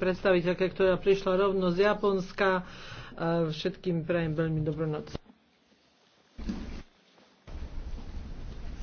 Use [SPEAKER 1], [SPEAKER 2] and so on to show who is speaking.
[SPEAKER 1] predstaviteľke, ktorá prišla rovno z Japonska. Všetkým prajem veľmi dobrú noc.